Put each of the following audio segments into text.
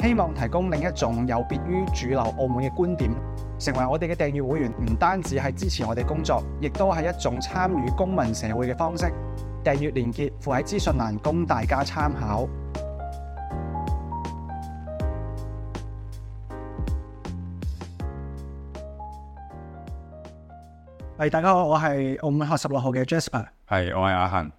希望提供另一種有別於主流澳門嘅觀點，成為我哋嘅訂閱會員，唔單止係支持我哋工作，亦都係一種參與公民社會嘅方式。訂閱鏈接附喺資訊欄，供大家參考。Hey, 大家好，我係澳門學十六號嘅 Jasper，我係阿恒。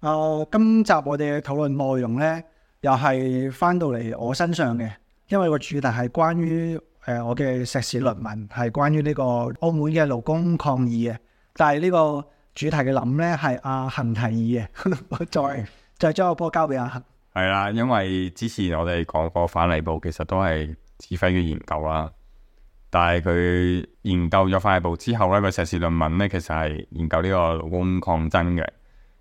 Hey, uh, 今集我哋嘅討論內容呢，又係翻到嚟我身上嘅，因為個主題係關於誒、呃、我嘅碩士論文係關於呢個澳門嘅勞工抗議嘅，但係呢個主題嘅諗呢係阿恆提議嘅， 再再將個波交俾阿恆。係啦，因為之前我哋講個反離補，其實都係 Jasper 嘅研究啦，但係佢研究咗反離補之後呢、個碩士論文呢其實係研究呢個勞工抗爭嘅，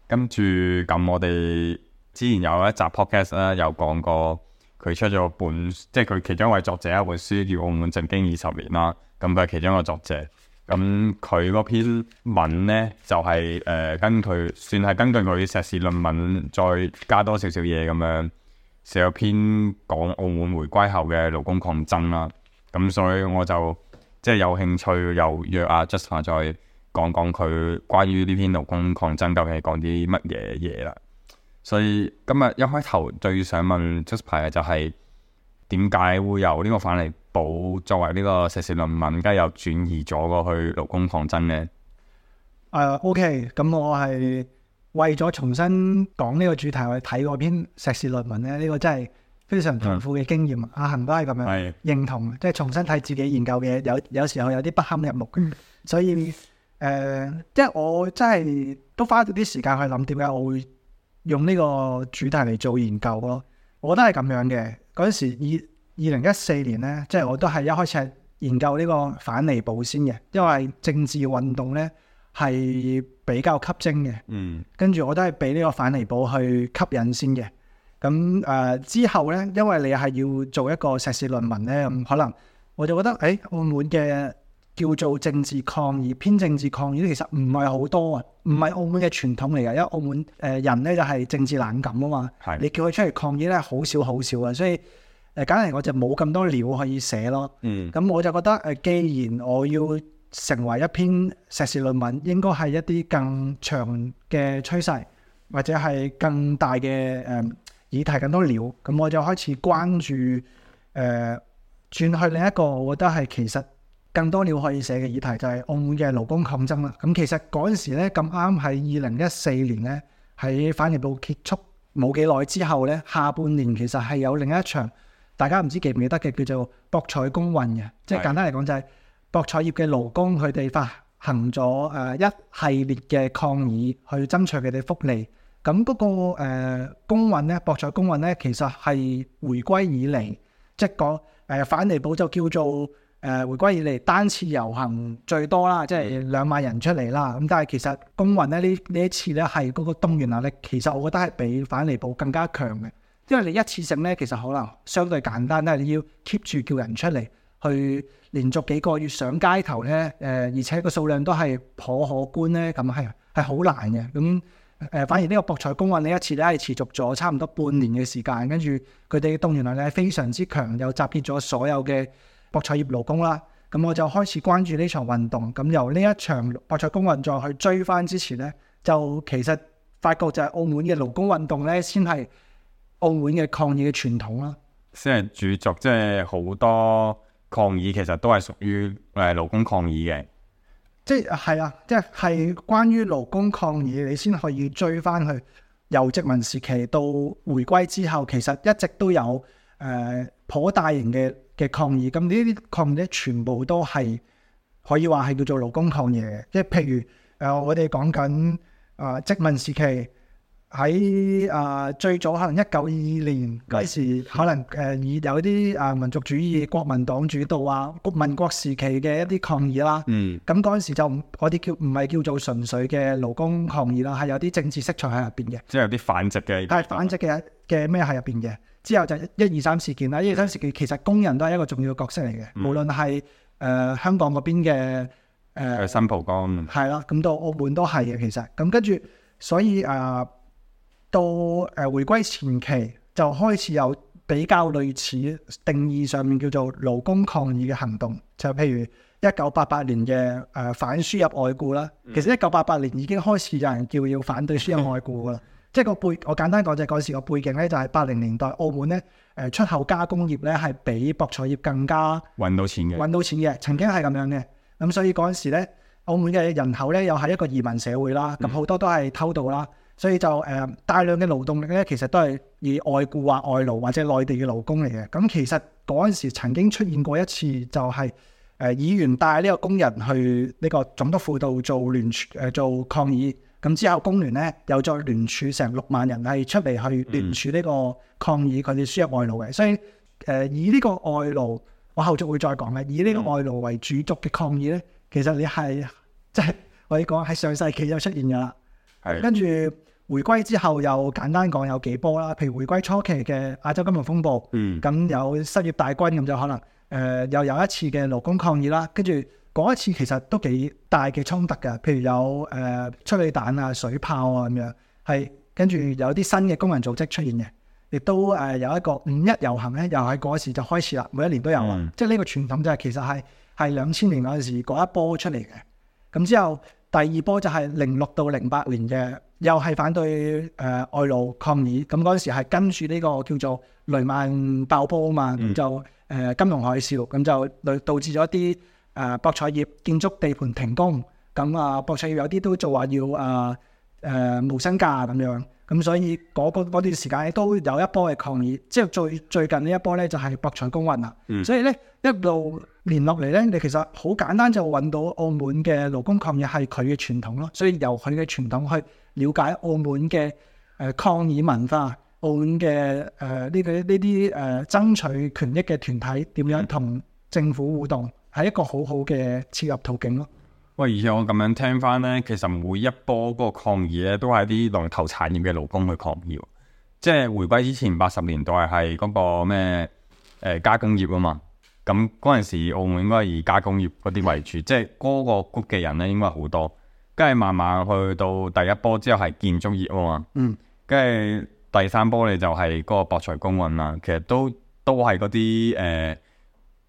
跟住咁我哋。之前有一集 podcast 啦，有講過佢出咗本，即係佢其中一位作者一本書叫《澳門政經二十年》啦，咁佢係其中一個作者，咁佢嗰篇文咧就係、是、誒、呃、根據，算係根據佢碩士論文再加多少少嘢咁樣寫咗篇講澳門回歸後嘅勞工抗爭啦，咁所以我就即係、就是、有興趣又約阿、啊、Jasper 再講講佢關於呢篇勞工抗爭究竟係講啲乜嘢嘢啦。所以今日一開頭最想問 Trust 派嘅就係點解會由呢個反嚟補作為呢個碩士論文，梗家又轉移咗過去勞工抗爭呢？誒、uh,，OK，咁我係為咗重新講呢個主題，我睇過篇碩士論文咧，呢、這個真係非常痛苦嘅經驗。阿恒、mm. 啊、都係咁樣認同，即係是重新睇自己研究嘅，有有時候有啲不堪入目，所以誒、即、uh, 係我真係都花咗啲時間去諗點解我會。用呢個主題嚟做研究咯，我覺得係咁樣嘅。嗰陣時二二零一四年呢，即係我都係一開始係研究呢個反離補先嘅，因為政治運動呢係比較吸睛嘅。嗯，跟住我都係俾呢個反離補去吸引先嘅。咁誒、呃、之後呢，因為你係要做一個碩士論文呢，咁可能我就覺得誒，澳門嘅。叫做政治抗議，偏政治抗議，其實唔係好多啊，唔係澳門嘅傳統嚟嘅，因為澳門誒人咧就係政治冷感啊嘛。係的你叫佢出嚟抗議咧，好少好少啊，所以誒，梗係我就冇咁多料可以寫咯。嗯，咁我就覺得誒，既然我要成為一篇碩士論文，應該係一啲更長嘅趨勢，或者係更大嘅誒、嗯、議題，更多料。咁我就開始關注誒、呃，轉去另一個，我覺得係其實。更多料可以寫嘅議題就係澳門嘅勞工抗爭啦。咁其實嗰陣時咧咁啱喺二零一四年咧，喺反離補結束冇幾耐之後咧，下半年其實係有另一場大家唔知記唔記得嘅叫做博彩工運嘅。即係簡單嚟講就係、是、是博彩業嘅勞工佢哋發行咗誒一系列嘅抗議，去爭取佢哋福利。咁嗰、那個、呃、工運咧，博彩工運咧，其實係回歸以嚟即係講誒反離補就叫做。誒回歸以嚟單次遊行最多啦，即係兩萬人出嚟啦。咁但係其實公運咧呢呢一次咧係嗰個動員能力，其實我覺得係比反離補更加強嘅，因為你一次性咧其實可能相對簡單，但係你要 keep 住叫人出嚟去連續幾個月上街頭咧，誒而且個數量都係頗可觀咧，咁係係好難嘅。咁誒反而呢個博彩公運呢一次咧係持續咗差唔多半年嘅時間，跟住佢哋嘅動員能力係非常之強，又集結咗所有嘅。博彩業勞工啦，咁我就開始關注呢場運動。咁由呢一場博彩工運再去追翻之前呢，就其實發覺就係澳門嘅勞工運動呢，先係澳門嘅抗議嘅傳統啦。先係主軸，即係好多抗議其實都係屬於誒勞工抗議嘅。即係係啊，即係關於勞工抗議，你先可以追翻去由殖民時期到回歸之後，其實一直都有誒、呃、頗大型嘅。嘅抗議，咁呢啲抗議咧，全部都係可以話係叫做勞工抗議嘅，即係譬如誒、呃，我哋講緊誒殖民時期喺誒、呃、最早可能一九二二年嗰時，的可能誒以、呃、有啲誒民族主義、國民黨主導啊，民國時期嘅一啲抗議啦。嗯。咁嗰陣時就我哋叫唔係叫做純粹嘅勞工抗議啦，係有啲政治色彩喺入邊嘅。即係有啲反殖嘅。係反殖嘅嘅咩喺入邊嘅？嗯。之後就一二三事件啦，一二三事件其實工人都係一個重要角色嚟嘅，嗯、無論係誒、呃、香港嗰邊嘅誒、呃、新蒲崗，係啦，咁到澳門都係嘅其實，咁跟住所以誒、呃、到誒、呃、回歸前期就開始有比較類似定義上面叫做勞工抗議嘅行動，就譬如一九八八年嘅誒、呃、反輸入外僱啦，嗯、其實一九八八年已經開始有人叫要反對輸入外僱噶啦。 即係個背，我簡單講就嗰陣時個背景咧，就係八零年代澳門咧，誒出口加工業咧係比博彩業更加揾到錢嘅，揾到錢嘅，曾經係咁樣嘅。咁所以嗰陣時咧，澳門嘅人口咧又係一個移民社會啦，咁好多都係偷渡啦，嗯、所以就誒、呃、大量嘅勞動力咧，其實都係以外僱啊、外勞或者內地嘅勞工嚟嘅。咁其實嗰陣時曾經出現過一次，就係誒議員帶呢個工人去呢個總督府度做聯誒做抗議。咁之後工聯咧又再聯署成六萬人係出嚟去聯署呢個抗議佢哋、嗯、輸入外勞嘅，所以、呃、以呢個外勞，我後續會再講嘅。以呢個外勞為主軸嘅抗議咧，其實你係即係我哋講喺上世紀就出現㗎啦。跟住係回歸之後又簡單講有幾波啦，譬如回歸初期嘅亞洲金融風暴，嗯，咁有失業大軍咁就可能、呃、又有一次嘅勞工抗議啦，跟住。嗰一次其實都幾大嘅衝突嘅，譬如有誒催淚彈啊、水炮啊咁樣，係跟住有啲新嘅工人組織出現嘅，亦都誒有一個五一遊行咧，又喺嗰時就開始啦，每一年都有啦，嗯、即係呢個傳統就係、是、其實係係兩千年嗰陣時嗰一波出嚟嘅，咁之後第二波就係零六到零八年嘅，又係反對誒、呃、外勞抗議，咁嗰陣時係跟住呢、這個叫做雷曼爆煲啊嘛，嗯、就誒、呃、金融海嘯，咁就導導致咗一啲。誒博彩業建築地盤停工，咁啊博彩業有啲都做話要誒誒無薪假咁樣，咁所以嗰個嗰段時間都有一波嘅抗議，即係最最近呢一波咧就係博彩公運啦。嗯。所以咧一路連落嚟咧，你其實好簡單就揾到澳門嘅勞工抗議係佢嘅傳統咯，所以由佢嘅傳統去了解澳門嘅誒抗議文化，澳門嘅誒呢個呢啲誒爭取權益嘅團體點樣同政府互動。嗯係一個好好嘅切入途徑咯。喂，而且我咁樣聽翻咧，其實每一波嗰個抗議咧，都係啲龍頭產業嘅勞工去抗議。即係回歸之前八十年代係嗰個咩誒加工業啊嘛。咁嗰陣時澳門應該以加工業嗰啲為主，嗯、即係嗰個谷嘅人咧應該好多。跟住慢慢去到第一波之後係建築業啊嘛。嗯。跟住第三波你就係嗰個博彩工運啦，其實都都係嗰啲誒。呃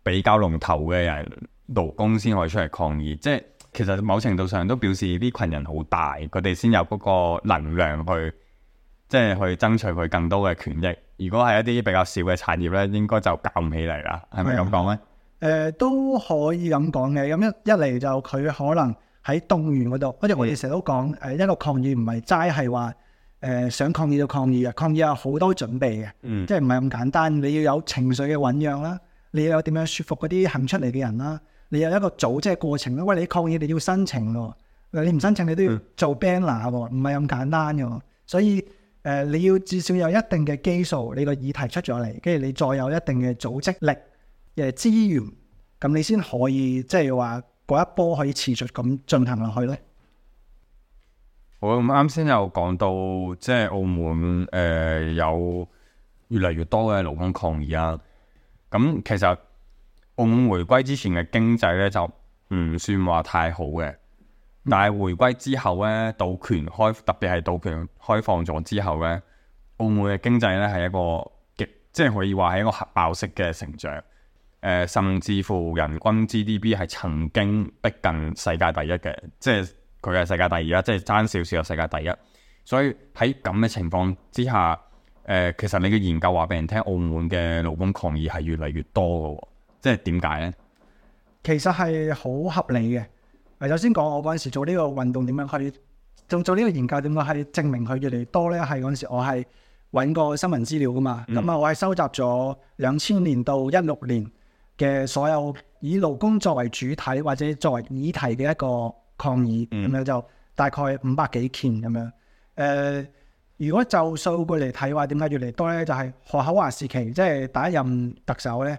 比較龍頭嘅人勞工先可以出嚟抗議，即係其實某程度上都表示呢群人好大，佢哋先有嗰個能量去，即係去爭取佢更多嘅權益。如果係一啲比較少嘅產業咧，應該就搞唔起嚟啦，係咪咁講咧？誒、呃、都可以咁講嘅，咁一一嚟就佢可能喺動員嗰度，好似我哋成日都講誒，的一個抗議唔係齋係話誒想抗議就抗議嘅，抗議有好多準備嘅，嗯、即係唔係咁簡單，你要有情緒嘅醖釀啦。你有點樣説服嗰啲行出嚟嘅人啦，你有一個組織嘅過程啦。喂，你抗議，你要申請喎，你唔申請你都要做 banner 喎、嗯，唔係咁簡單嘅。所以誒、呃，你要至少有一定嘅基數，你個議題出咗嚟，跟住你再有一定嘅組織力、誒資源，咁你先可以即係話嗰一波可以持續咁進行落去咧。好，咁啱先又講到即係澳門誒、呃、有越嚟越多嘅勞工抗議啊。咁其實澳門回歸之前嘅經濟咧就唔算話太好嘅，但係回歸之後咧，賭權開，特別係賭權開放咗之後咧，澳門嘅經濟咧係一個極即係可以話係一個爆式嘅成長。誒、呃，甚至乎人均 GDP 係曾經逼近世界第一嘅，即係佢係世界第二啦，即係爭少少嘅世界第一。所以喺咁嘅情況之下。誒，其實你嘅研究話俾人聽，澳門嘅勞工抗議係越嚟越多嘅，即係點解呢？其實係好合理嘅。誒，首先講我嗰陣時做呢個運動點樣去做做呢個研究，點解係證明佢越嚟越多呢？係嗰陣時我係揾過新聞資料噶嘛，咁啊、嗯、我係收集咗兩千年到一六年嘅所有以勞工作為主體或者作為議題嘅一個抗議咁樣、嗯、就大概五百幾件咁樣，誒、呃。如果就數據嚟睇話，點解越嚟越多咧？就係、是、何厚鏵時期，即係第一任特首咧，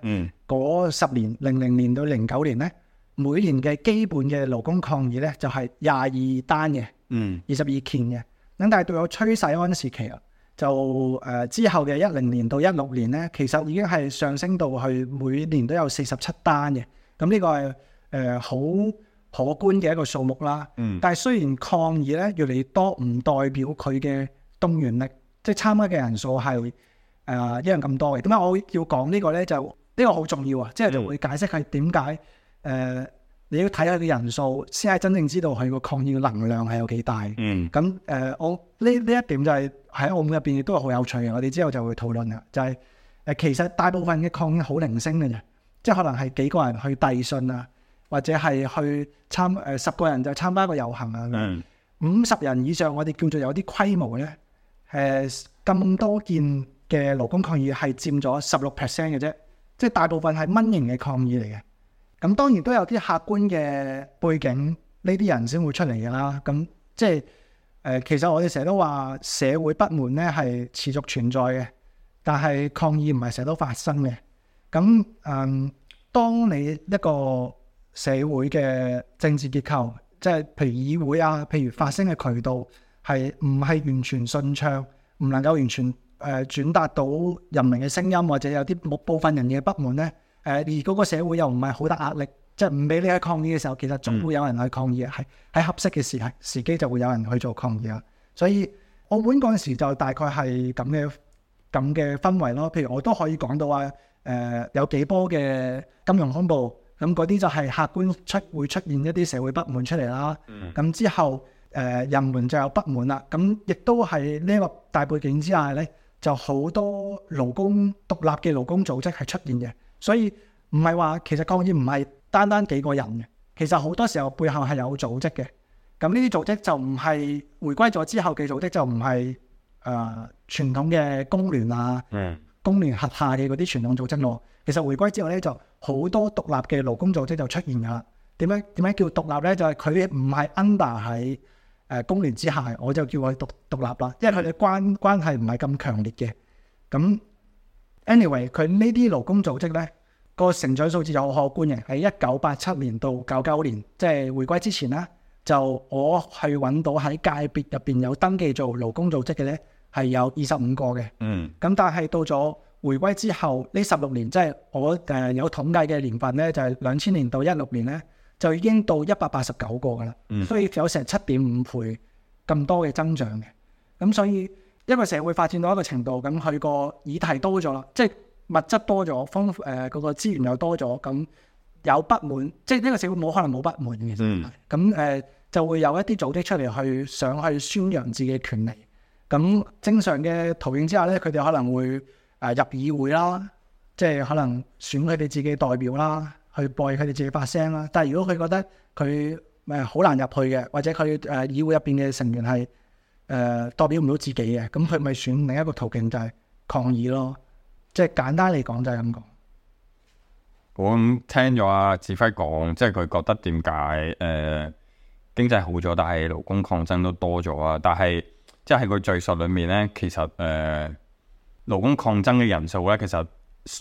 嗰十、嗯、年零零年到零九年咧，每年嘅基本嘅勞工抗議咧，就係廿二單嘅，二十二件嘅。咁但係到咗崔世安時期啦，就誒、呃、之後嘅一零年到一六年咧，其實已經係上升到去每年都有四十七單嘅。咁呢個係誒好可觀嘅一個數目啦。嗯、但係雖然抗議咧越嚟越多，唔代表佢嘅。動員力即係參加嘅人數係誒一樣咁多嘅。點解我要講呢個咧？就呢、這個好重要啊！即、就、係、是、就會解釋係點解，誒你要睇下嘅人數，先係真正知道佢個抗議嘅能量係有幾大。嗯。咁、呃、誒，我呢呢一點就係喺澳門入邊亦都係好有趣嘅。我哋之後就會討論噶，就係、是、誒其實大部分嘅抗議好零星嘅啫，即係可能係幾個人去遞信啊，或者係去參，誒十個人就參加一個遊行啊。嗯。五十人以上，我哋叫做有啲規模咧。誒咁、嗯、多件嘅勞工抗議係佔咗十六 percent 嘅啫，即係大部分係蚊型嘅抗議嚟嘅。咁當然都有啲客觀嘅背景，呢啲人先會出嚟嘅啦。咁即係誒、呃，其實我哋成日都話社會不滿咧係持續存在嘅，但係抗議唔係成日都發生嘅。咁嗯，當你一個社會嘅政治結構，即係譬如議會啊，譬如發聲嘅渠道。係唔係完全順暢？唔能夠完全誒、呃、轉達到人民嘅聲音，或者有啲部部分人嘅不滿咧。誒、呃、而嗰個社會又唔係好大壓力，即係唔俾你喺抗議嘅時候，其實總會有人去抗議嘅。係喺、嗯、合適嘅時係時機就會有人去做抗議啦。所以澳門嗰陣時候就大概係咁嘅咁嘅氛圍咯。譬如我都可以講到啊，誒、呃、有幾波嘅金融風暴，咁嗰啲就係客觀出會出現一啲社會不滿出嚟啦。咁之後。誒人們就有不滿啦，咁亦都係呢個大背景之下咧，就好多勞工獨立嘅勞工組織係出現嘅。所以唔係話其實當然唔係單單幾個人嘅，其實好多時候背後係有組織嘅。咁呢啲組織就唔係回歸咗之後嘅組織，就唔係誒傳統嘅工聯啊，嗯，工聯轄下嘅嗰啲傳統組織咯。其實回歸之後咧，就好多獨立嘅勞工組織就出現噶啦。點樣點樣叫獨立咧？就係佢唔係 under 喺。誒工聯之下，我就叫佢獨獨立啦，因為佢哋關關係唔係咁強烈嘅。咁 anyway，佢呢啲勞工組織咧，個成長數字就好可觀嘅。喺一九八七年到九九年，即係回歸之前咧，就我去揾到喺界別入邊有登記做勞工組織嘅咧，係有二十五個嘅。嗯。咁但係到咗回歸之後，呢十六年即係我誒有統計嘅年份咧，就係兩千年到一六年咧。就已經到一百八十九個㗎啦，所以有成七點五倍咁多嘅增長嘅。咁所以一個社會發展到一個程度，咁佢個議題多咗啦，即係物質多咗，豐誒嗰個資源又多咗，咁有不滿，即係呢個社會冇可能冇不滿嘅。咁、嗯呃、就會有一啲組織出嚟去想去宣揚自己嘅權利。咁正常嘅途徑之下呢，佢哋可能會入議會啦，即係可能選佢哋自己代表啦。去播佢哋自己發聲啦。但係如果佢覺得佢誒好難入去嘅，或者佢誒議會入邊嘅成員係誒、呃、代表唔到自己嘅，咁佢咪選另一個途徑就係抗議咯。即係簡單嚟講就係咁講。我聽咗阿志輝講，即係佢覺得點解誒經濟好咗，但係勞工抗爭都多咗啊？但係即係喺佢敘述裏面咧，其實誒勞、呃、工抗爭嘅人數咧，其實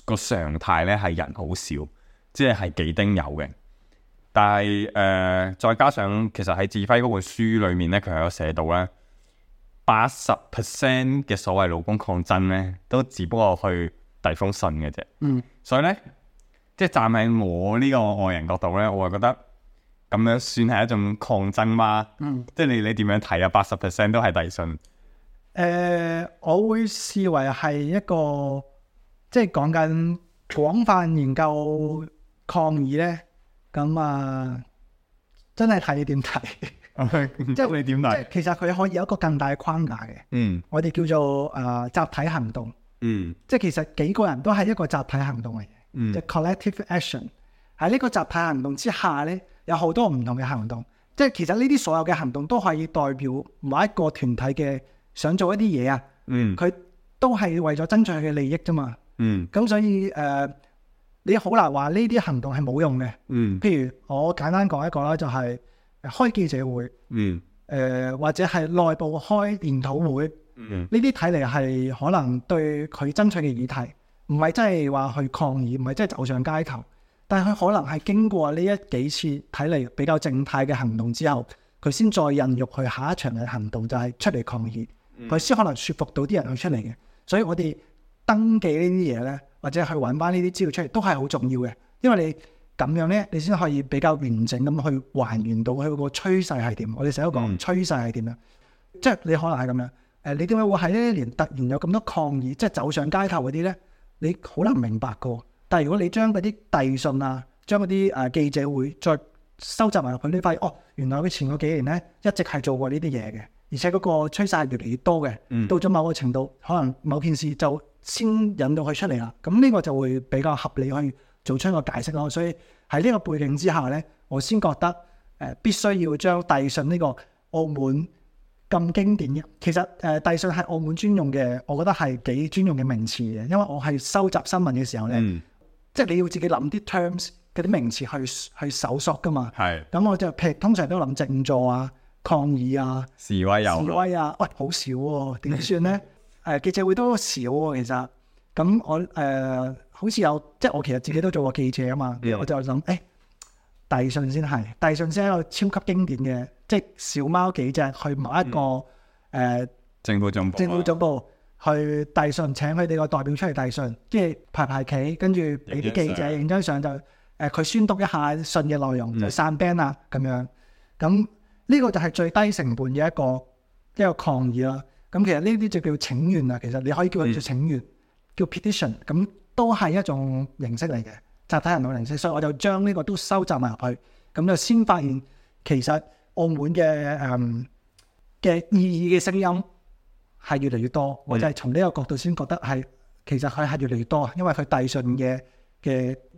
個常態咧係人好少。即係幾丁有嘅，但係誒、呃，再加上其實喺智輝嗰本書裏面咧，佢有寫到咧，八十 percent 嘅所謂勞工抗爭咧，都只不過去遞封信嘅啫。嗯，所以咧，即係站喺我呢個外人角度咧，我係覺得咁樣算係一種抗爭嘛。嗯，即係你你點樣睇啊？八十 percent 都係遞信。誒、呃，我會視為係一個即係講緊廣泛研究。抗議咧，咁啊，真係睇你點睇，Okay. 即係你點睇。 其實佢可以有一個更大嘅框架嘅，嗯，mm. 我哋叫做誒、呃、集體行動，嗯，mm. 即係其實幾個人都係一個集體行動嚟嘅，即嗯、mm.，collective action。喺呢個集體行動之下咧，有好多唔同嘅行動，即係其實呢啲所有嘅行動都可以代表某一個團體嘅想做一啲嘢啊，嗯，佢都係為咗爭取佢嘅利益啫嘛，嗯，咁所以誒、呃你好難話呢啲行動係冇用嘅，嗯，譬如我簡單講一個啦，就係開記者會，嗯，誒、呃、或者係內部開研討會，嗯，呢啲睇嚟係可能對佢爭取嘅議題，唔係真係話去抗議，唔係真係走上街頭，但係佢可能係經過呢一幾次睇嚟比較靜態嘅行動之後，佢先再孕育佢下一場嘅行動，就係、是、出嚟抗議，佢先、嗯、可能說服到啲人去出嚟嘅，所以我哋登記這些呢啲嘢咧。或者去揾翻呢啲資料出嚟都係好重要嘅，因為你咁樣咧，你先可以比較完整咁去還原到佢個趨勢係點。我哋成日都講趨勢係點樣，即係你可能係咁樣。誒，你點解會喺呢一年突然有咁多抗議，即係走上街頭嗰啲咧？你好難明白個。但係如果你將嗰啲遞信啊，將嗰啲誒記者會再收集埋入去，你發現，哦，原來佢前嗰幾年咧一直係做過呢啲嘢嘅，而且嗰個趨勢係越嚟越多嘅。到咗某個程度，嗯、可能某件事就先引到佢出嚟啦，咁呢個就會比較合理，可以做出一個解釋咯。所以喺呢個背景之下咧，我先覺得、呃、必須要將帝信遞信呢個澳門咁經典嘅，其實誒、呃、遞信係澳門專用嘅，我覺得係幾專用嘅名詞嘅，因為我係收集新聞嘅時候咧，嗯、即係你要自己諗啲 terms 嗰啲名詞去去搜索噶嘛。係是，咁我就譬如，通常都諗靜坐啊、抗議啊、示威有示威啊，喂、哎，好少喎、啊，點算咧？ 誒記者會都少喎、哦，其實咁我誒、呃、好似有，即係我其實自己都做過記者啊嘛，嗯、我就諗誒遞信先係，遞信先係一個超級經典嘅，即係小貓幾隻去某一個誒、嗯呃、政府總部、啊，政府總部去遞信請佢哋個代表出嚟遞信，即係排排企，跟住俾啲記者影張相就誒佢、呃、宣讀一下信嘅內容，嗯、就散兵啦咁樣，咁呢、這個就係最低成本嘅一個一個抗議啦。咁其實呢啲就叫請願啊，其實你可以叫佢做請願，嗯、叫 petition，咁都係一種形式嚟嘅集體行動形式，所以我就將呢個都收集埋入去。咁就先發現其實澳門嘅誒嘅異議嘅聲音係越嚟越多，我就係從呢個角度先覺得係其實佢係越嚟越多啊，因為佢遞信嘅嘅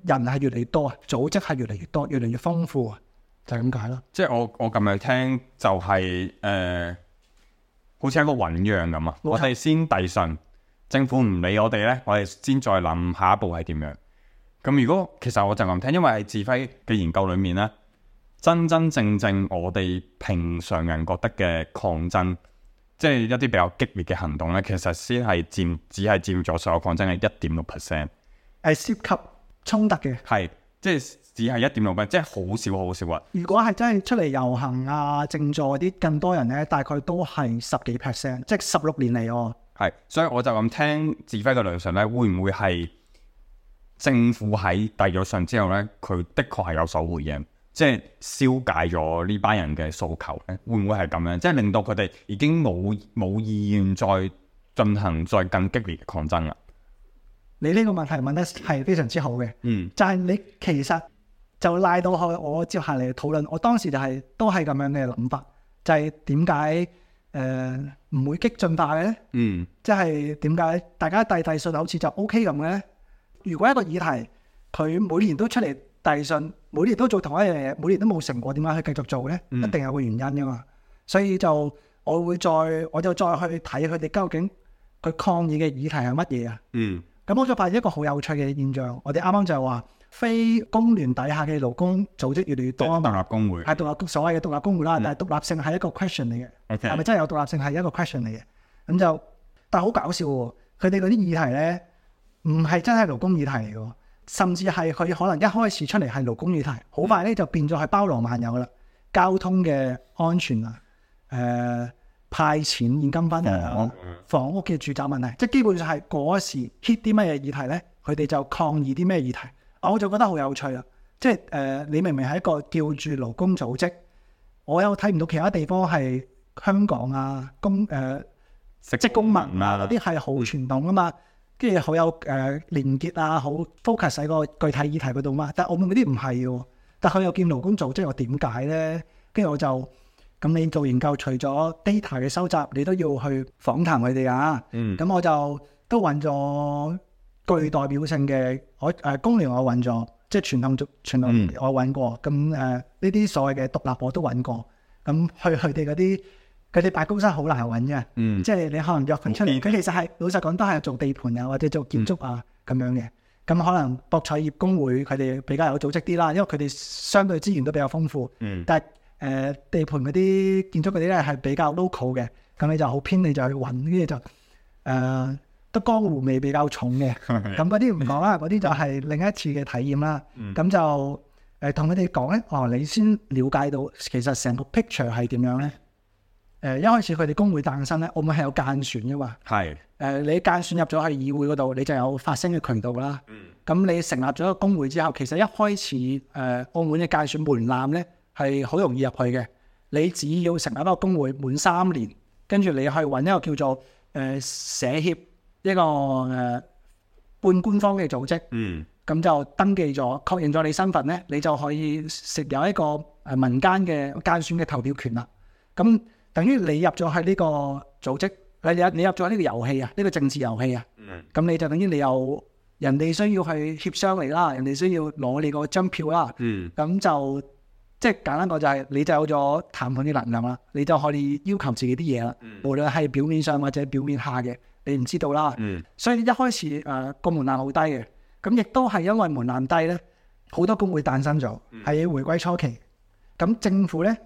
人係越嚟越多，組織係越嚟越多，越嚟越豐富啊，就係咁解咯。即係我我咁樣聽就係、是、誒。呃好似一個醞釀咁啊！錯我哋先遞信，政府唔理我哋咧，我哋先再諗下一步係點樣。咁如果其實我就咁聽，因為係智輝嘅研究裏面咧，真真正正我哋平常人覺得嘅抗爭，即係一啲比較激烈嘅行動咧，其實先係佔只係佔咗所有抗爭嘅一點六 percent，係涉及衝突嘅，係即係。就是只係一點六分，即係好少好少人，啊。如果係真係出嚟遊行啊、靜坐啲更多人咧，大概都係十幾 percent，即係十六年嚟喎、啊。係，所以我就咁聽志輝嘅論述咧，會唔會係政府喺遞咗信之後咧，佢的確係有所回應，即係消解咗呢班人嘅訴求咧？會唔會係咁樣？即係令到佢哋已經冇冇意願再進行再更激烈嘅抗爭啦？你呢個問題問得係非常之好嘅，嗯，就係你其實。就拉到去我，我接下嚟討論，我當時就係、是、都係咁樣嘅諗法，就係點解誒唔會激進化嘅呢？嗯，即係點解大家遞遞信好似就 O K 咁嘅呢？如果一個議題佢每年都出嚟遞信，每年都做同一樣嘢，每年都冇成果，點解佢繼續做呢？一定有個原因噶嘛。所以就我會再我就再去睇佢哋究竟佢抗議嘅議題係乜嘢啊？嗯，咁我就發現一個好有趣嘅現象，我哋啱啱就話。非工聯底下嘅勞工組織越嚟越多，獨立工會係獨立所謂嘅獨立工會啦，嗯、但係獨立性係一個 question 嚟嘅，係咪 Okay. 真係有獨立性係一個 question 嚟嘅？咁就但係好搞笑喎，佢哋嗰啲議題咧，唔係真係勞工議題嚟嘅，甚至係佢可能一開始出嚟係勞工議題，好快咧就變咗係包羅萬有啦，交通嘅安全啊，誒、呃、派錢現金分啊，房屋嘅住宅問題，嗯、即係基本上係嗰時 hit 啲乜嘢議題咧，佢哋就抗議啲咩議題。我就覺得好有趣啊！即係、呃、你明明係一個叫住勞工組織，我又睇唔到其他地方係香港啊工、呃、誒職工盟啊嗰啲係好傳統啊嘛，跟住好有誒、呃、連結啊，好 focus 喺個具體議題嗰度嘛。但我我嗰啲唔係喎，但佢又見勞工組織，我點解咧？跟住我就咁，你做研究除咗 data 嘅收集，你都要去訪談佢哋啊。嗯，咁我就都揾咗。具代表性嘅我誒工聯我揾咗，即係傳統組傳統我揾過，咁誒呢啲所謂嘅獨立我都揾過，咁去佢哋嗰啲佢哋辦公室好難揾嘅，嗯、即係你可能約佢出嚟。佢其實係老實講都係做地盤啊，或者做建築啊咁樣嘅，咁、嗯、可能博彩業工會佢哋比較有組織啲啦，因為佢哋相對資源都比較豐富。嗯。但係誒、呃、地盤嗰啲建築嗰啲咧係比較 local 嘅，咁你就好偏就揾，噉你就去揾，跟住就誒。得江湖味比較重嘅，咁嗰啲唔講啦，嗰啲就係另一次嘅體驗啦。咁 就誒同佢哋講咧，哦、呃 呃，你先了解到其實成個 picture 係點樣咧？誒、呃，一開始佢哋工會誕生咧，澳門係有間選嘅嘛。係誒、 呃，你間選入咗去議會嗰度，你就有發聲嘅渠道啦。咁 你成立咗一個工會之後，其實一開始誒、呃、澳門嘅間選門檻咧係好容易入去嘅，你只要成立一個工會滿三年，跟住你去搵一個叫做誒、呃、社協。一個誒、呃、半官方嘅組織，嗯，咁就登記咗，確認咗你身份咧，你就可以食有一個誒民間嘅間選嘅投票權啦。咁等於你入咗係呢個組織，係、呃、你入咗呢個遊戲啊，呢、這個政治遊戲啊，嗯，咁你就等於你又人哋需要去協商嚟啦，人哋需要攞你個張票啦，嗯，咁就即係簡單講就係、是、你就有咗談判嘅能量啦，你就可以要求自己啲嘢啦，嗯、無論係表面上或者表面下嘅。你唔知道啦，嗯、所以一開始誒個、呃、門檻好低嘅，咁亦都係因為門檻低咧，好多工會誕生咗，係回歸初期。咁政府咧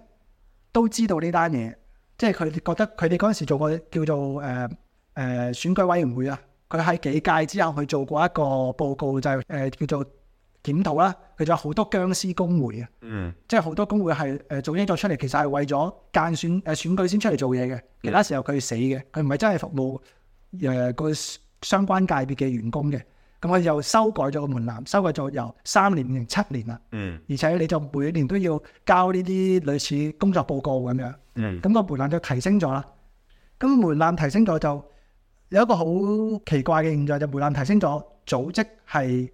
都知道呢單嘢，即係佢哋覺得佢哋嗰陣時做過叫做誒誒、呃呃、選舉委員會啊，佢喺幾屆之後去做過一個報告，就係、是、誒、呃、叫做檢討啦。佢仲有好多僵屍工會啊，嗯、即係好多工會係誒做咗作出嚟，其實係為咗間選誒、呃、選舉先出嚟做嘢嘅，其他時候佢死嘅，佢唔係真係服務。誒個相關界別嘅員工嘅，咁我哋又修改咗個門檻，修改咗由三年變成七年啦。嗯。而且你就每年都要交呢啲類似工作報告咁樣。嗯。咁個門檻就提升咗啦。咁門檻提升咗就有一個好奇怪嘅現象，就係、門檻提升咗，組織係誒、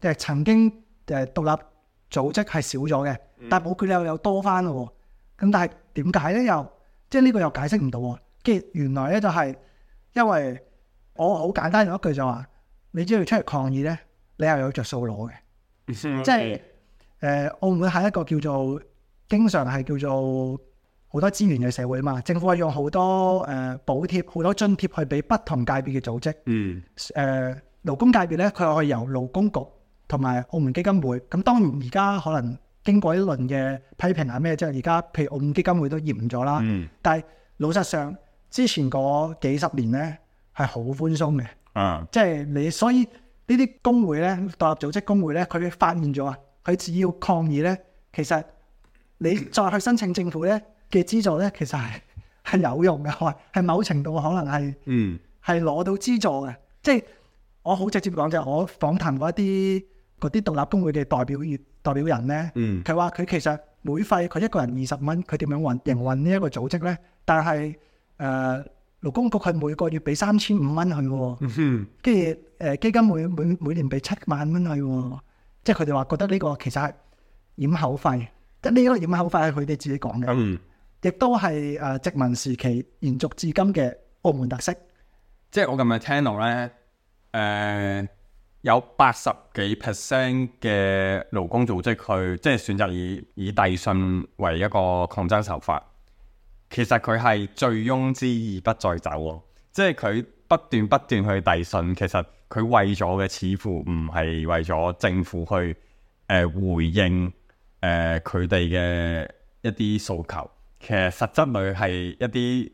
即係、曾經誒獨立組織係少咗嘅，但係冇佢力又多翻啦喎。咁但係點解咧？又即係呢個又解釋唔到喎。跟住原來咧就係、係。因為我好簡單用一句就話，你只要出嚟抗議呢，你又有着數攞嘅，so okay. 即係、呃、澳門係一個叫做經常係叫做好多資源嘅社會啊嘛，政府係用好多誒、呃、補貼、好多津貼去俾不同界別嘅組織，誒、mm. 呃、勞工界別呢，佢又係由勞工局同埋澳門基金會。咁當然而家可能經過一輪嘅批評啊咩即係，而家譬如澳門基金會都嚴咗啦，mm. 但係老實上。之前嗰幾十年呢係好寬鬆嘅，嗯，啊、即係你，所以呢啲工會呢，獨立組織工會呢，佢發現咗啊，佢只要抗議呢，其實你再去申請政府呢嘅資助呢，其實係係有用嘅，係某程度可能係，嗯，係攞到資助嘅。即係我好直接講就，我訪談過一啲嗰啲獨立工會嘅代表員、代表人咧，嗯，佢話佢其實每費佢一個人二十蚊，佢點樣運營運呢一個組織呢？但係誒、uh, 勞工局係每個月俾三千五蚊佢，跟住誒基金會每每每年俾七萬蚊佢，哦，即係佢哋話覺得呢個其實係掩口費，即呢個掩口費係佢哋自己講嘅，亦、mm hmm. 都係誒、呃、殖民時期延續至今嘅澳門特色。即係我今日聽到咧，誒、呃、有八十幾 percent 嘅勞工組織去，即、就、係、是、選擇以以遞信為一個抗爭手法。其實佢係醉翁之意不在酒喎，即係佢不斷不斷去遞信。其實佢為咗嘅似乎唔係為咗政府去誒、呃、回應誒佢哋嘅一啲訴求。其實實質裏係一啲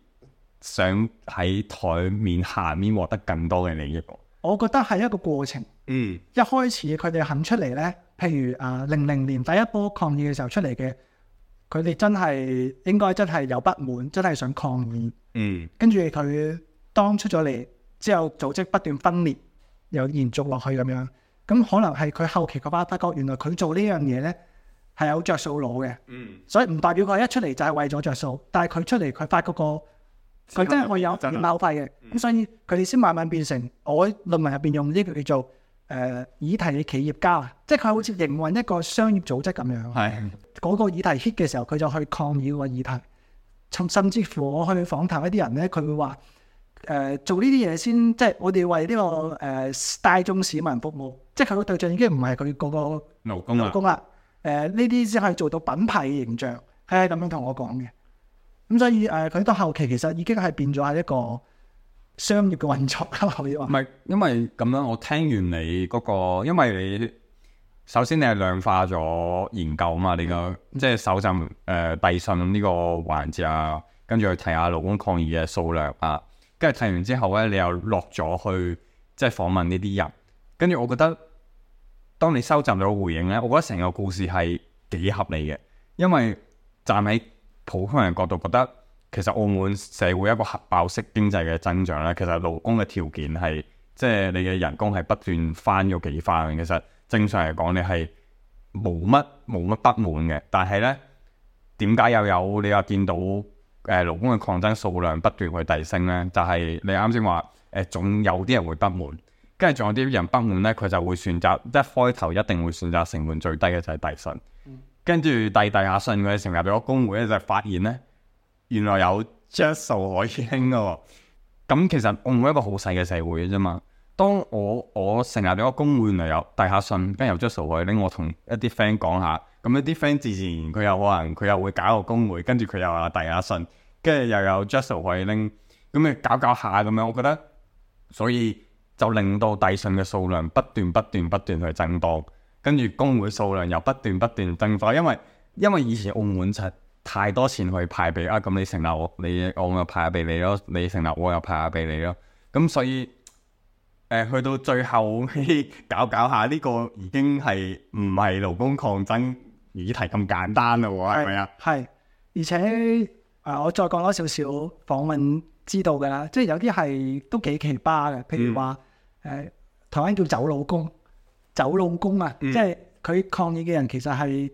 想喺枱面下面獲得更多嘅利益。我覺得係一個過程。嗯，一開始佢哋肯出嚟呢，譬如啊零零年第一波抗議嘅時候出嚟嘅。佢哋真係應該真係有不滿，真係想抗議。嗯，跟住佢當出咗嚟之後，組織不斷分裂，又延續落去咁樣。咁可能係佢後期嗰班發覺，原來佢做呢樣嘢呢係有着數攞嘅。嗯，所以唔代表佢一出嚟就係為咗着數，但係佢出嚟佢發覺個佢真係會有唔夠費嘅，咁所以佢哋先慢慢變成我論文入邊用呢個叫做。誒、呃、議題嘅企業家啊，即係佢好似營運一個商業組織咁樣。係嗰的個議題 hit 嘅時候，佢就去抗議個議題。甚甚至乎，我去訪談一啲人咧，佢會話誒、呃、做呢啲嘢先，即係我哋為呢、這個誒、呃、大眾市民服務。即係佢個對象已經唔係佢個個勞工啊。誒呢啲先可以做到品牌嘅形象。係咁樣同我講嘅。咁所以誒，佢、呃、到後期其實已經係變咗係一個。商業嘅運作啦，可以話。唔係，因為咁樣，我聽完你嗰、那個，因為你首先你係量化咗研究啊嘛，你個、嗯、即係搜集誒遞、呃、信呢個環節啊，跟住去睇下勞工抗議嘅數量啊，跟住睇完之後咧，你又落咗去即係訪問呢啲人，跟住我覺得，當你收集到回應咧，我覺得成個故事係幾合理嘅，因為站喺普通人角度覺得。其實澳門社會一個核爆式經濟嘅增長咧，其實勞工嘅條件係即係你嘅人工係不斷翻咗幾翻。其實正常嚟講，你係冇乜冇乜不滿嘅。但係咧，點解又有你話見到誒勞工嘅抗爭數量不斷去提升咧？就係、是、你啱先話誒，總有啲人會不滿，跟住仲有啲人不滿咧，佢就會選擇一開頭一定會選擇成本最低嘅就係遞信的，跟住遞地下信佢啲成立咗工會咧就是、發現咧。原來有 j a s z e l 可以拎嘅喎，咁其實澳門一個好細嘅社會啫嘛。當我我成立咗個公會，原來有遞下信，跟住有 j a s z e l 可以拎，我同一啲 friend 講下，咁一啲 friend 自然佢又可能佢又會搞個公會，跟住佢又話遞下信，跟住又有 j a s z e l 可以拎，咁咪搞搞下咁樣。我覺得所以就令到遞信嘅數量不斷不斷不斷去增多，跟住公會數量又不斷不斷增多，因為因為以前澳門太多錢去派俾啊！咁你成立我，你我又派下俾你咯；你成立我又派下俾你咯。咁所以，誒、呃、去到最後 搞搞下，呢、呢個已經係唔係勞工抗爭議題咁簡單咯？係咪啊？係吧，而且誒、呃，我再講多少少訪問知道㗎啦，嗯、即係有啲係都幾奇葩嘅，譬如話誒、呃，台灣叫走老公，走老公啊，嗯、即係佢抗議嘅人其實係。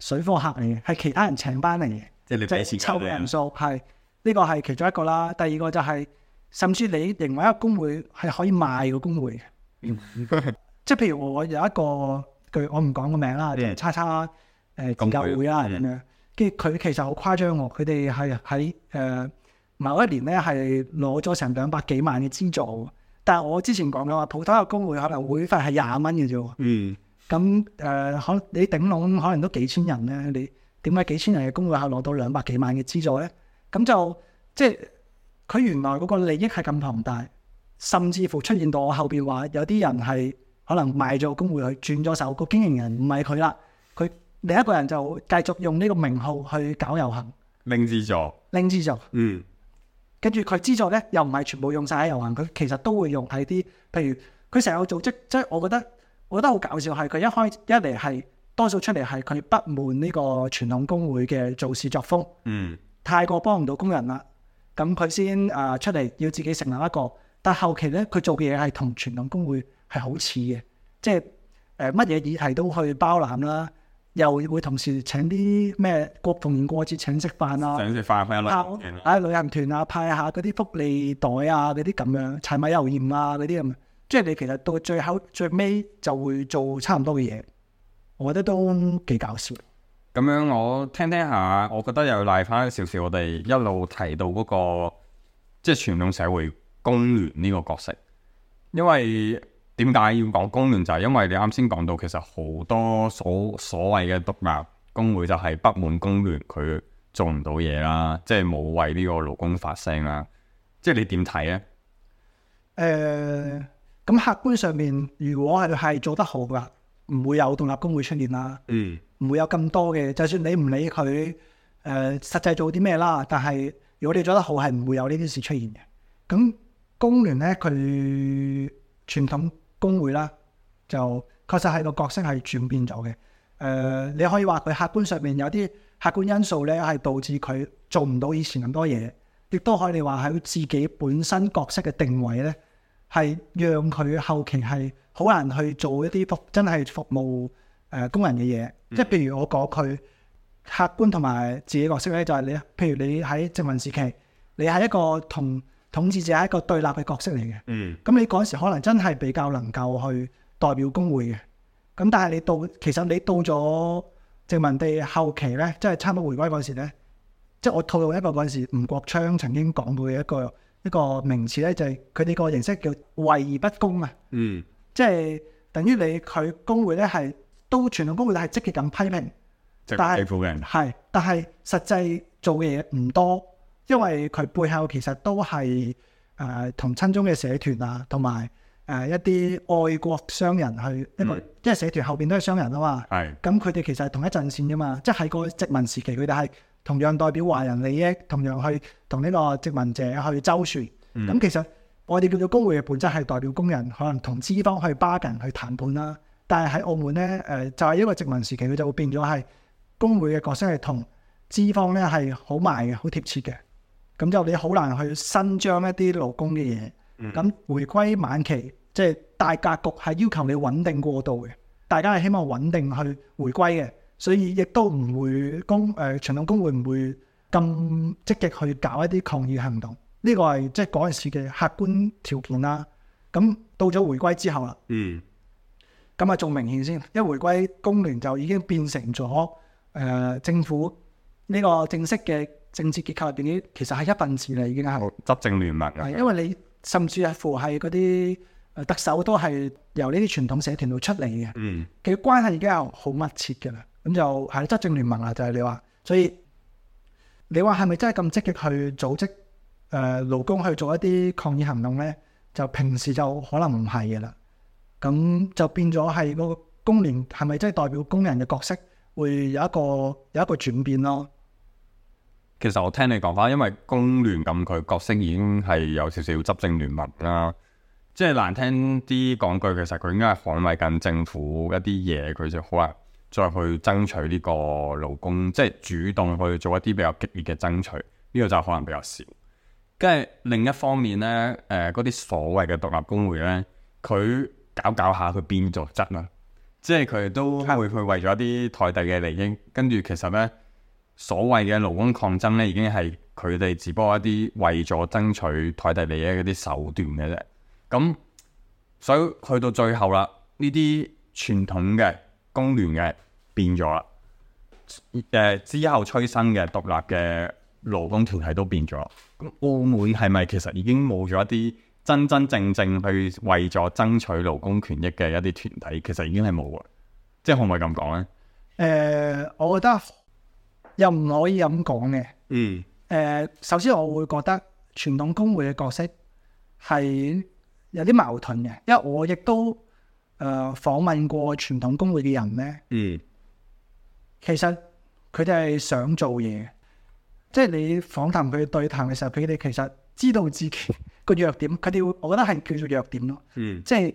水貨客嚟嘅，係其他人請翻嚟嘅。即係你就是抽嘅人數係呢、呢個係其中一個啦。第二個就係、係，甚至你認為一個工會係可以賣個工會嘅、 嗯。即係譬如我有一個，據我唔講個名啦，即叉叉誒、呃、具自覺會啦咁樣。跟住佢其實好誇張喎，佢哋係喺誒某一年咧係攞咗成兩百幾萬嘅資助。但係我之前講嘅話，普通嘅工會可能會費係廿蚊嘅啫。嗯。咁誒，可你頂籠可能都幾千人咧？你點解幾千人嘅工會下攞到兩百幾萬嘅資助咧？咁就即係佢原來嗰個利益係咁龐大，甚至乎出現到我後邊話有啲人係可能賣咗工會去轉咗手，個經營人唔係佢啦，佢另一個人就繼續用呢個名號去搞遊行。拎資助，拎資助，嗯。跟住佢資助咧，又唔係全部用曬喺遊行，佢其實都會用喺啲，譬如佢成日組織，即係我覺得。我覺得好搞笑係佢一開一嚟係多數出嚟係佢不滿呢個傳統工會嘅做事作風，嗯，太過幫唔到工人啦。咁佢先誒、呃、出嚟要自己成立一個，但係後期咧佢做嘅嘢係同傳統工會係好似嘅，即係誒乜嘢議題都去包攬啦，又會同時請啲咩國慶、逢年過節請食飯，飯啊，請食飯派旅行團啊，派下嗰啲福利袋啊，嗰啲咁樣柴米油鹽啊嗰啲咁。即係你其實到最後最尾就會做差唔多嘅嘢，我覺得都幾搞笑的。咁樣我聽聽下，我覺得又賴翻少少。我哋一路提到嗰、那個即係、就是、傳統社會工聯呢個角色，因為點解要講工聯？就係、是、因為你啱先講到，其實好多所所謂嘅獨立工會就係不滿工聯佢做唔到嘢啦，即係冇為呢個勞工發聲啦。即係你點睇呢？誒、呃。咁客觀上面，如果係係做得好嘅話，唔會有獨立工會出現啦。嗯，唔會有咁多嘅。就算你唔理佢誒實際做啲咩啦，但係如果你做得好，係唔會有呢啲事出現嘅。咁工聯咧，佢傳統工會啦，就確實係個角色係轉變咗嘅。誒、呃，你可以話佢客觀上面有啲客觀因素咧，係導致佢做唔到以前咁多嘢，亦都可以話係佢自己本身角色嘅定位咧。係讓佢後期係好難去做一啲服真係服務誒工人嘅嘢，即係譬如我講佢客觀同埋自己角色咧，就係你譬如你喺殖民時期，你係一個同統治者係一個對立嘅角色嚟嘅。嗯，咁你嗰時可能真係比較能夠去代表工會嘅，咁但係你到其實你到咗殖民地後期咧，即係差唔多回歸嗰時咧，即係我套用一個嗰陣時，吳國昌曾經講過嘅一個。一個名詞咧，就係佢哋個形式叫為而不公啊！嗯，即係等於你佢工會咧，係都傳統工會，但係積極咁批評，積極批評嘅人，但係實際做嘅嘢唔多，因為佢背後其實都係誒同親中嘅社團啊，同埋誒一啲愛國商人去一個，因為社團後面都係商人啊嘛。係咁是，佢哋其實係同一陣線噶嘛，即係喺個殖民時期佢哋係。同樣代表華人利益，同樣去同呢個殖民者去周旋。咁、嗯、其實我哋叫做工會嘅本質係代表工人，可能同資方去 bargain 去談判啦。但係喺澳門呢，誒就係、是、一個殖民時期，佢就會變咗係工會嘅角色係同資方呢係好埋嘅，好貼切嘅。咁就你好難去伸張一啲勞工嘅嘢。咁、嗯、回歸晚期，即、就、係、是、大格局係要求你穩定過渡嘅，大家係希望穩定去回歸嘅。所以亦都唔會工誒，傳統工會唔會咁積極去搞一啲抗議行動。呢個係即係嗰陣時嘅客觀條件啦。咁到咗回歸之後啦，嗯，咁啊仲明顯先，一回歸工聯就已經變成咗誒政府呢個正式嘅政治結構入邊啲，其實係一份子啦，已經係執政聯盟啊。因為你甚至乎係嗰啲誒特首都係由呢啲傳統社團度出嚟嘅，嗯，其實關係已經係好密切嘅啦。咁就係執政聯盟啦，就係、係、你話，所以你話係咪真係咁積極去組織誒、呃、勞工去做一啲抗議行動呢？就平時就可能唔係嘅啦，咁就變咗係個工聯係咪真係代表工人嘅角色會有一個有一個轉變咯？其實我聽你講翻，因為工聯咁佢角色已經係有少少執政聯盟啦，即係難聽啲講句，其實佢應該係捍衞緊政府一啲嘢，佢就好難、啊。再去爭取呢個勞工，即係主動去做一啲比較激烈嘅爭取，呢個就可能比較少。跟住另一方面呢，誒嗰啲所謂嘅獨立工會呢，佢搞一搞一下佢變咗質啦，即係佢都會去為咗一啲檯底嘅利益，卡跟住其實呢，所謂嘅勞工抗爭呢，已經係佢哋只不過一啲為咗爭取檯底利益嗰啲手段嘅啫。咁所以去到最後啦，呢啲傳統嘅，工聯嘅變咗啦，誒之後催生嘅獨立嘅勞工團體都變咗。咁澳門係咪其實已經冇咗一啲真真正正去為咗爭取勞工權益嘅一啲團體？其實已經係冇啊，即係可唔可以咁講呢？誒、呃，我覺得又唔可以咁講嘅。嗯。誒、呃，首先我會覺得傳統工會嘅角色係有啲矛盾嘅，因為我亦都。誒，訪問過傳統工會嘅人咧，嗯，其實佢哋係想做嘢，即係你訪談佢對談嘅時候，佢哋其實知道自己個弱點，佢哋會，我覺得係叫做弱點咯，嗯，即係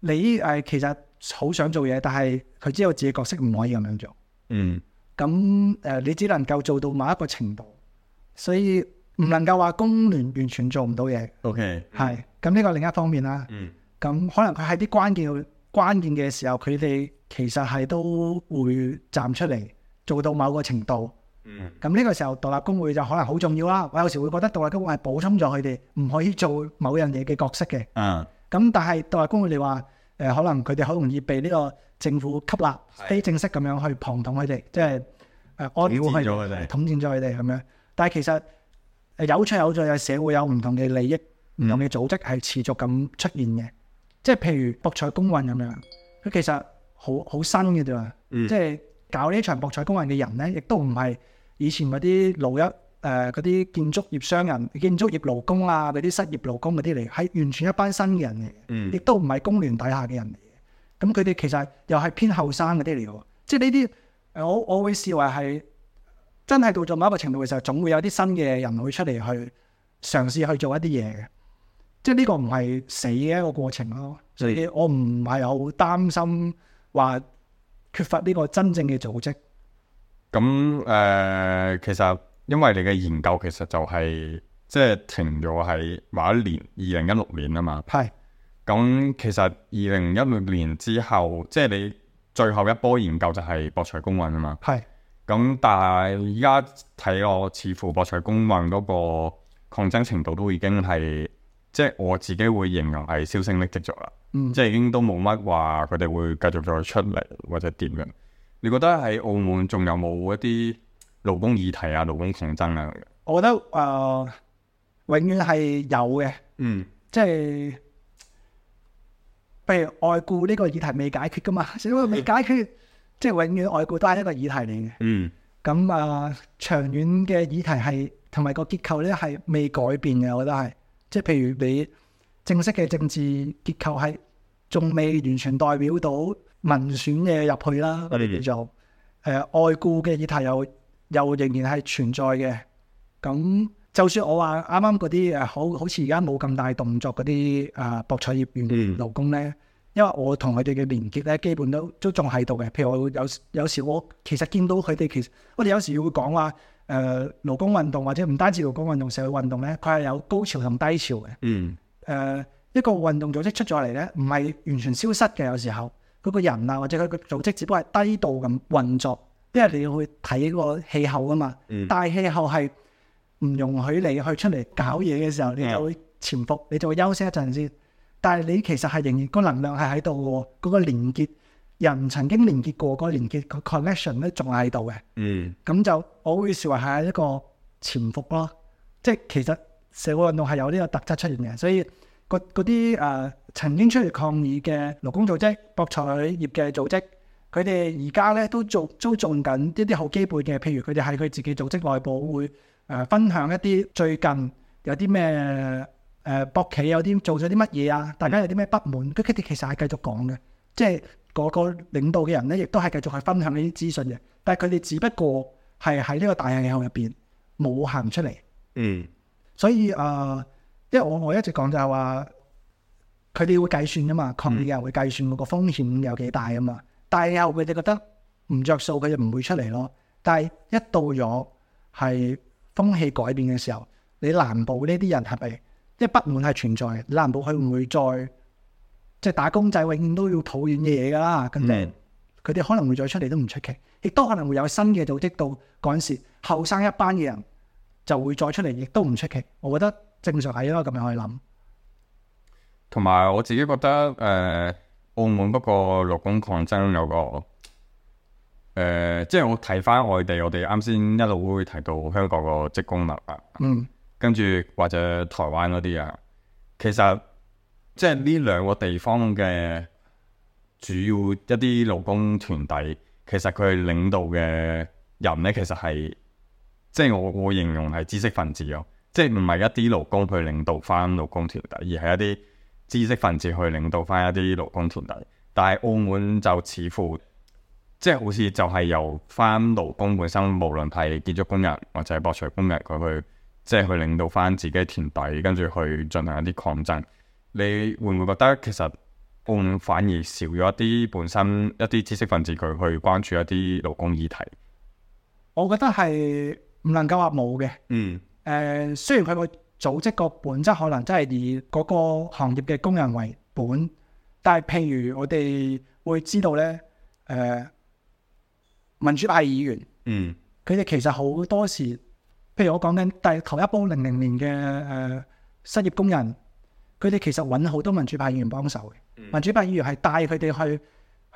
你誒，其實好想做嘢，但係佢知道自己角色唔可以咁樣做，嗯，咁誒，你只能夠做到某一個程度，所以唔能夠話工聯完全做唔到嘢，OK，係，咁呢個另一方面啦，嗯。咁可能佢喺啲關鍵關鍵嘅時候，佢哋其實係都會站出嚟做到某個程度。嗯。咁呢個時候，獨立工會就可能好重要啦。我有時會覺得獨立工會係補充咗佢哋唔可以做某樣嘢嘅角色嘅。嗯。咁但係獨立工會，你話誒可能佢哋好容易被呢個政府吸納，非的正式咁樣去旁同佢哋，即係誒安咗佢哋，他們統戰咗佢哋咁樣。但係其實有長有短嘅社會有唔同嘅利益，唔、嗯、同嘅組織係持續咁出現嘅。即係譬如博彩公運咁樣，佢其實好好新嘅啫。即係、嗯、搞呢場博彩公運嘅人咧，亦都唔係以前嗰啲老一誒嗰啲建築業商人、建築業勞工啊嗰啲失業勞工嗰啲嚟，係完全一班新嘅人嚟，亦都唔係工聯底下嘅人嚟。咁佢哋其實又係偏後生嗰啲嚟喎。即係呢啲，我我會視為係真係到咗某一個程度嘅時候，總會有啲新嘅人會出嚟去嘗試去做一啲嘢嘅。即係呢個唔係死嘅一個過程咯，所以我唔係好擔心話缺乏呢個真正嘅組織。咁誒、呃，其實因為你嘅研究其實就係、是、即係停咗喺某一年，二零一六年啊嘛。係是。咁其實二零一六年之後，即係你最後一波研究就係博彩工運啊嘛。係是。咁但係依家睇，我似乎博彩工運嗰個抗爭程度都已經係。即係我自己會形容係銷聲匿跡咗啦，嗯、即係已經都冇乜話佢哋會繼續再出嚟或者點樣嘅。你覺得喺澳門仲有冇一啲勞工議題啊、勞工抗爭啊？我覺得誒、呃，永遠係有嘅。嗯，即係、就是、譬如外雇呢個議題未解決噶嘛，因為未解決，即係永遠外雇都係一個議題嚟嘅。嗯，咁啊、呃，長遠嘅議題係同埋個結構咧係未改變嘅，我覺得係。即係譬如你正式嘅政治結構係仲未完全代表到民選嘅入去啦，叫做誒外顧嘅議題又又仍然係存在嘅。咁就算我話啱啱嗰啲誒好好似而家冇咁大動作嗰啲誒博彩業員勞工咧，因為我同佢哋嘅連結咧，基本都都仲喺度嘅。譬如我有有時我其實見到佢哋其實我哋有時會講話。誒、呃、勞工運動或者唔單止勞工運動，社會運動咧，佢係有高潮同低潮嘅。嗯。誒、呃、一個運動組織出咗嚟咧，唔係完全消失嘅。有時候佢個人啊，或者佢個組織，只不過係低度咁運作。因為你要去睇個氣候啊嘛。大、嗯、氣候係唔容許你去出嚟搞嘢嘅時候，你就會潛伏，你就會休息一陣先。但係你其實係仍然個能量係喺度喎，嗰、那個連結，人曾經連結過，個連結個 connection 咧，仲喺度嘅。嗯，咁就我會視為係一個潛伏咯。即係其實社會運動係有呢個特質出現嘅。所以嗰啲誒曾經出嚟抗議嘅勞工組織、博彩業嘅組織，佢哋而家咧，都做都做緊一啲好基本嘅，譬如佢哋喺佢自己組織內部會誒、呃、分享一啲最近有啲咩誒博企有啲做咗啲乜嘢啊，大家有啲咩不滿，佢哋其實係繼續講嘅，即係。個個領導嘅人咧，亦都係繼續去分享呢啲資訊嘅，但係佢哋只不過係喺呢個大氣候入邊冇行出嚟。嗯，所以誒、呃，因為我我一直講就係話，佢哋會計算啊嘛，抗議嘅人會計算、個風險有幾大啊嘛。嗯、大氣候佢哋覺得唔着數，佢就唔會出嚟咯。但係一到咗係風氣改變嘅時候，你難保呢啲人係咪即係不滿係存在？你難保佢唔會，會再？即係打工仔，永遠都要討厭嘅嘢噶啦。咁佢哋可能會再出嚟都唔出奇，亦都可能會有新嘅組織，到陣時。後生一班嘅人就會再出嚟，亦都唔出奇。我覺得正常係應該咁樣去諗。同埋我自己覺得，誒、呃，澳門嗰個勞工抗爭有個誒，即係我睇翻外地，我哋啱先一路會提到香港個職工立法。嗯，跟住或者台灣嗰啲啊，其實。即係呢兩個地方嘅主要一啲勞工團體，其實佢領導嘅人咧，其實係即係我我形容係知識分子咯，即係唔係一啲勞工去領導返勞工團體，而係一啲知識分子去領導返一啲勞工團體。但係澳門就似乎即係好似就係由返勞工本身，無論係建築工人或者係博彩工人，佢去即係去領導返自己團體，跟住去進行一啲抗爭，你會唔會覺得其實澳反而少咗一啲本身一啲知識分子佢去關注一啲勞工議題？我覺得係唔能夠話冇嘅。嗯。誒、呃，雖然佢個組織個本質可能真係以嗰個行業嘅工人為本，但係譬如我哋會知道咧，誒、呃，民主派議員，嗯，佢哋其實好多時，譬如我講緊第頭一波零零年嘅誒失業工人。佢哋其實揾好多民主派議員幫手嘅，民主派議員係帶佢哋去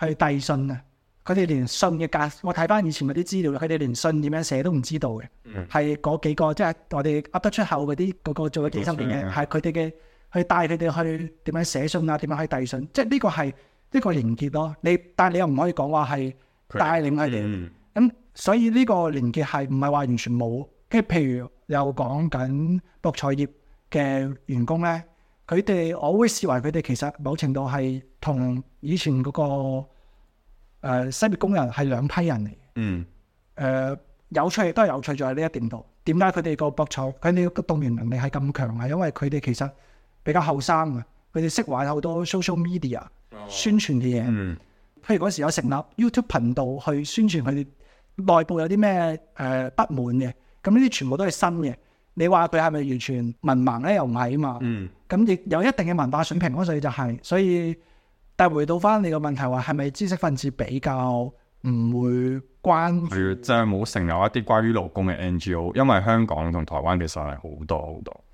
去遞信啊。佢哋連信嘅價，我睇翻以前嗰啲資料，佢哋連信點樣寫都唔知道嘅，係嗰幾個即係我哋噏得出口嗰啲嗰個做咗幾十年嘅，係佢哋嘅去帶佢哋去點樣寫信啊，點樣去遞信，信信嗯、即係呢、呢個係一個連結咯。你但係你又唔可以講話係帶領佢哋，咁、嗯、所以呢個連結係唔係話完全冇？跟住譬如又講緊博彩業嘅員工咧。佢哋我會視為佢哋其實某程度係同以前嗰、那個、呃、西面工人係兩批人嚟嗯。誒、呃、有趣亦都係有趣在呢一點度。點解佢哋個博彩佢哋嘅動員能力係咁強啊？因為佢哋其實比較後生啊，佢哋識玩好多 social media 宣傳嘅嘢、哦。嗯。譬如嗰時有成立 YouTube 頻道去宣傳佢哋內部有啲咩誒不滿嘅，咁呢啲全部都係新嘅。你話佢係咪完全文盲咧？又唔係啊嘛。嗯。咁亦有一定嘅文化水平、就係，所以就係，所以但係回到翻你個問題，話係咪知識分子比較唔會關注？係即係冇成有一啲關於勞工嘅 NGO，因為香港同台灣其實係好多好多。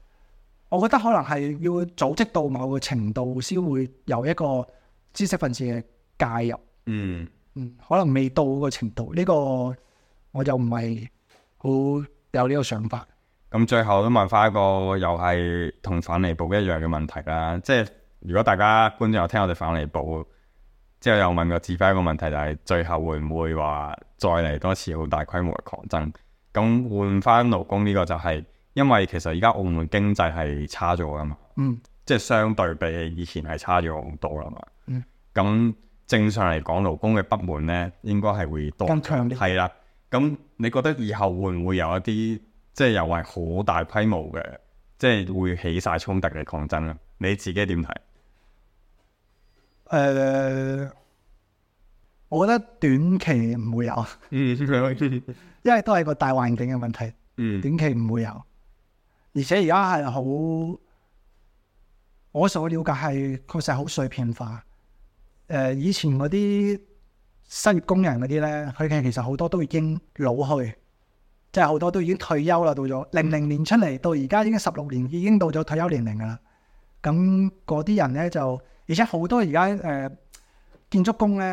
我覺得可能係要組織到某個程度先會有一個知識分子嘅介入。嗯嗯，可能未到個程度，呢、呢個我就唔係好有呢個想法。咁最後都問翻一個又係同反離補一樣嘅問題啦，即係如果大家觀眾又聽我哋反離補，之後又問過指揮一個問題，就係、是、最後會唔會話再嚟多次好大規模嘅抗爭？咁換翻勞工呢個就係、是、因為其實而家澳門經濟係差咗噶嘛，嗯，即係相對比以前係差咗好多啦嘛，嗯，咁正常嚟講，勞工嘅不滿咧應該係會多，更強啲，係啦，咁你覺得以後會唔會有一啲？即係又係好大規模嘅，即係會起晒衝突嘅抗爭啦。你自己點睇？誒、呃，我覺得短期唔會有，嗯， 因為都係個大環境嘅問題。嗯，短期唔會有，嗯，而且而家係好，我所了解係確實係好碎片化。誒、呃，以前嗰啲失業工人嗰啲咧，佢哋其實好多都已經老去。即係好多都已經退休啦，到咗零零年出嚟，到而家已經十六年，已經到咗退休年齡㗎啦。咁嗰啲人咧就，而且好多而家誒建築工咧，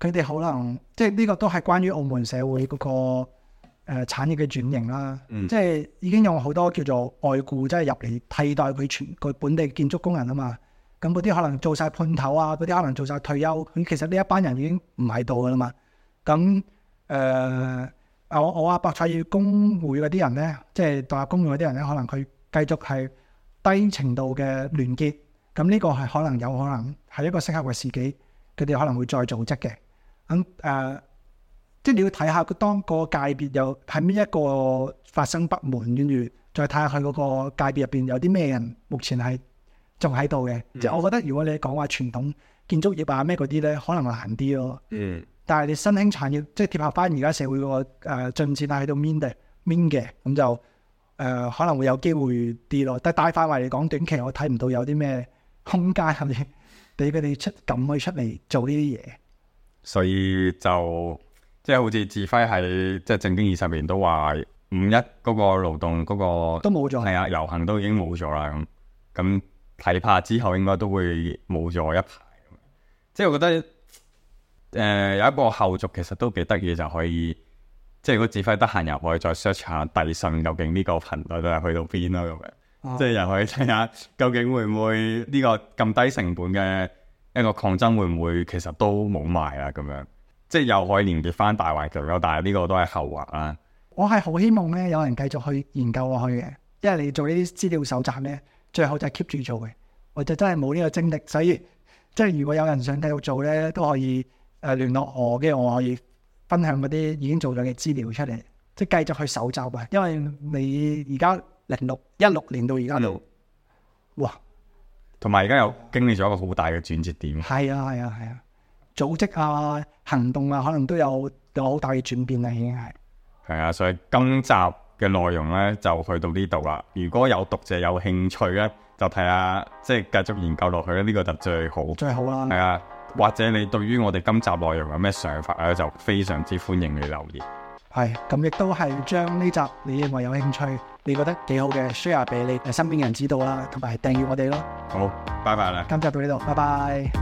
佢哋可能即係呢個都係關於澳門社會嗰個誒產業嘅轉型啦。即係、嗯、已經用好多叫做外僱，即係入嚟替代佢全個本地建築工人啊嘛。咁嗰啲可能做晒判頭啊，嗰啲可能做晒退休。咁其實呢一班人已經唔喺度噶啦嘛。咁誒。呃我我啊，博彩業工會嗰啲人咧，即係獨立工會嗰啲人咧，可能佢繼續係低程度嘅聯結，咁呢個係可能有可能係一個適合嘅時機，佢哋可能會再組織嘅。咁誒、呃，即係你要睇下佢當個界別又係邊一個發生不滿，跟住再睇下佢嗰個界別入邊有啲咩人目前係仲喺度嘅。即係、嗯、我覺得如果你講話傳統建築業啊咩嗰啲咧，可能難啲咯。嗯。但係你新興產業，即係貼合翻而家社會個誒進展係喺度面嘅面嘅，咁就誒、呃、可能會有機會跌落。但係大範圍嚟講，短期我睇唔到有啲咩空間，係咪你佢哋出噉去出嚟做呢啲嘢。所以就即係、就是、好似志輝喺即係政經二十年都話五一嗰個勞動嗰、那個都冇咗係啊，遊行都已經冇咗啦，咁咁睇怕之後應該都會冇咗一排。即係我覺得。誒、呃、有一個後續其實都幾得意，就可以即係個指揮得閒入去再 search 下遞信究竟呢個頻率都係去到邊啦咁樣，哦、即係又可以睇下究竟會唔會呢個咁低成本嘅一個抗爭會唔會其實都冇賣啊咁樣，即係又可以連結翻大環境。但係呢個都係後話啦。我係好希望咧，有人繼續去研究落去嘅，因為你做呢啲資料搜集咧，最後就係 keep 住做嘅，我就真係冇呢個精力，所以即係如果有人想繼續做咧，都可以。誒，聯絡我，跟住我可以分享嗰啲已經做咗嘅資料出嚟，即係繼續去搜集吧。因為你而家零六一六年到而家就哇，同埋而家有經歷咗一個好大嘅轉折點。係啊，係啊，係啊，組織啊、行動啊，可能都有有好大嘅轉變啦，已經係。係啊，所以今集嘅內容咧就去到呢度啦。如果有讀者有興趣咧，就睇下即係繼續研究落去呢，呢個就最好。最好啦，係啊。或者你對於我哋今集內容有咩想法咧，就非常之歡迎你留言。係，咁亦都係將呢集你認為有興趣、你覺得幾好嘅 share 俾你身邊嘅人知道啦，同埋訂閱我哋咯。好，拜拜啦，今集到呢度，拜拜。